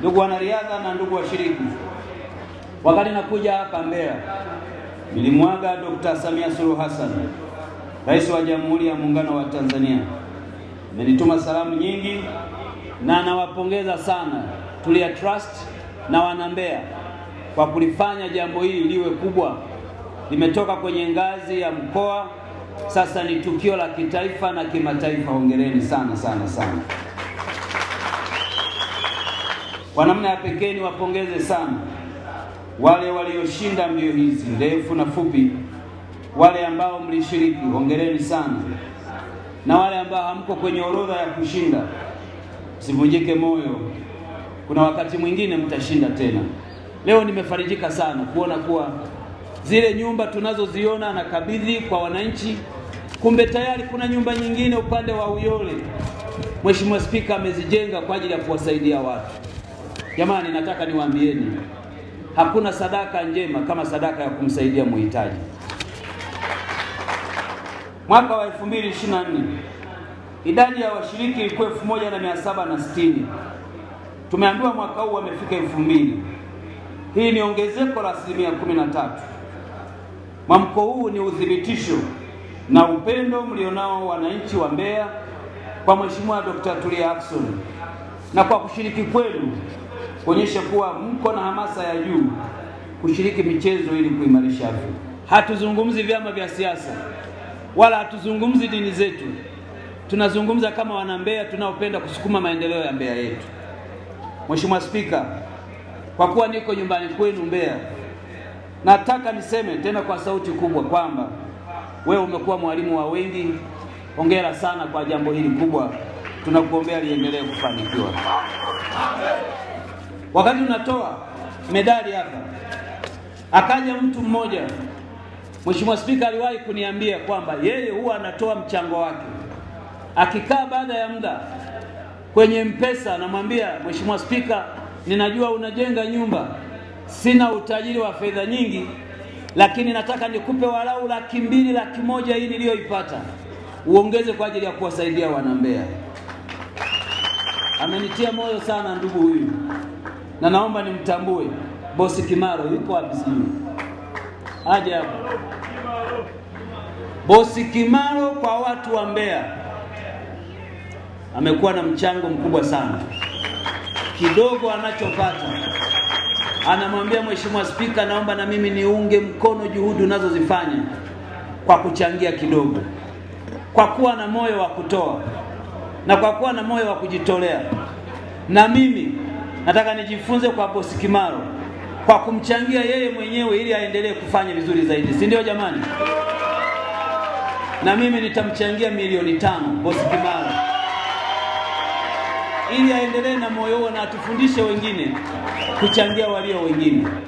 Ndugu wanariadha na ndugu washiriki, wakati nakuja hapa Mbeya nilimwaga Dr. Samia Suluhu Hassan, Rais wa Jamhuri ya Muungano wa Tanzania. Amenituma salamu nyingi na nawapongeza sana Tulia Trust na wanambea kwa kulifanya jambo hili liwe kubwa. Limetoka kwenye ngazi ya mkoa, sasa ni tukio la kitaifa na kimataifa. Hongereni sana sana sana. Kwa namna ya pekee niwapongeze sana wale walioshinda mbio hizi ndefu na fupi. Wale ambao mlishiriki, hongereni sana, na wale ambao hamko kwenye orodha ya kushinda, msivunjike moyo. Kuna wakati mwingine mtashinda tena. Leo nimefarijika sana kuona kuwa zile nyumba tunazoziona nakabidhi kwa wananchi, kumbe tayari kuna nyumba nyingine upande wa Uyole Mheshimiwa Spika amezijenga kwa ajili ya kuwasaidia watu. Jamani, nataka niwaambieni, hakuna sadaka njema kama sadaka ya kumsaidia muhitaji. Mwaka wa 2024 idadi ya washiriki ilikuwa 1760 tumeambiwa mwaka huu wamefika 2000 Hii ni ongezeko la asilimia 13. Mwamko huu ni uthibitisho na upendo mlionao wananchi wa Mbeya kwa Mheshimiwa Dr. Tulia Ackson na kwa kushiriki kwenu kuonyesha kuwa mko na hamasa ya juu kushiriki michezo ili kuimarisha afya. Hatuzungumzi vyama vya siasa wala hatuzungumzi dini zetu, tunazungumza kama wanambeya tunaopenda kusukuma maendeleo ya Mbeya yetu. Mheshimiwa Spika, kwa kuwa niko nyumbani kwenu Mbeya, nataka niseme tena kwa sauti kubwa kwamba wewe umekuwa mwalimu wa wengi. Hongera sana kwa jambo hili kubwa, tunakuombea liendelee kufanikiwa. Wakati unatoa medali hapa, akaja mtu mmoja, Mheshimiwa Spika aliwahi kuniambia kwamba yeye huwa anatoa mchango wake, akikaa baada ya muda kwenye Mpesa anamwambia Mheshimiwa Spika, ninajua unajenga nyumba, sina utajiri wa fedha nyingi, lakini nataka nikupe walau laki mbili, laki moja hii niliyoipata uongeze kwa ajili ya kuwasaidia wanambea. Amenitia moyo sana ndugu huyu na naomba nimtambue bosi Kimaro. Yuko wapi? Sijui aje hapo bosi Kimaro. Kwa watu wa Mbeya amekuwa na mchango mkubwa sana. Kidogo anachopata anamwambia Mheshimiwa Spika, naomba na mimi niunge mkono juhudi unazozifanya kwa kuchangia kidogo, kwa kuwa na moyo wa kutoa na kwa kuwa na moyo wa kujitolea, na mimi nataka nijifunze kwa bosi Kimaro kwa kumchangia yeye mwenyewe ili aendelee kufanya vizuri zaidi, si ndio jamani? Na mimi nitamchangia milioni tano Boss Kimaro ili aendelee na moyo huo na atufundishe wengine kuchangia walio wengine.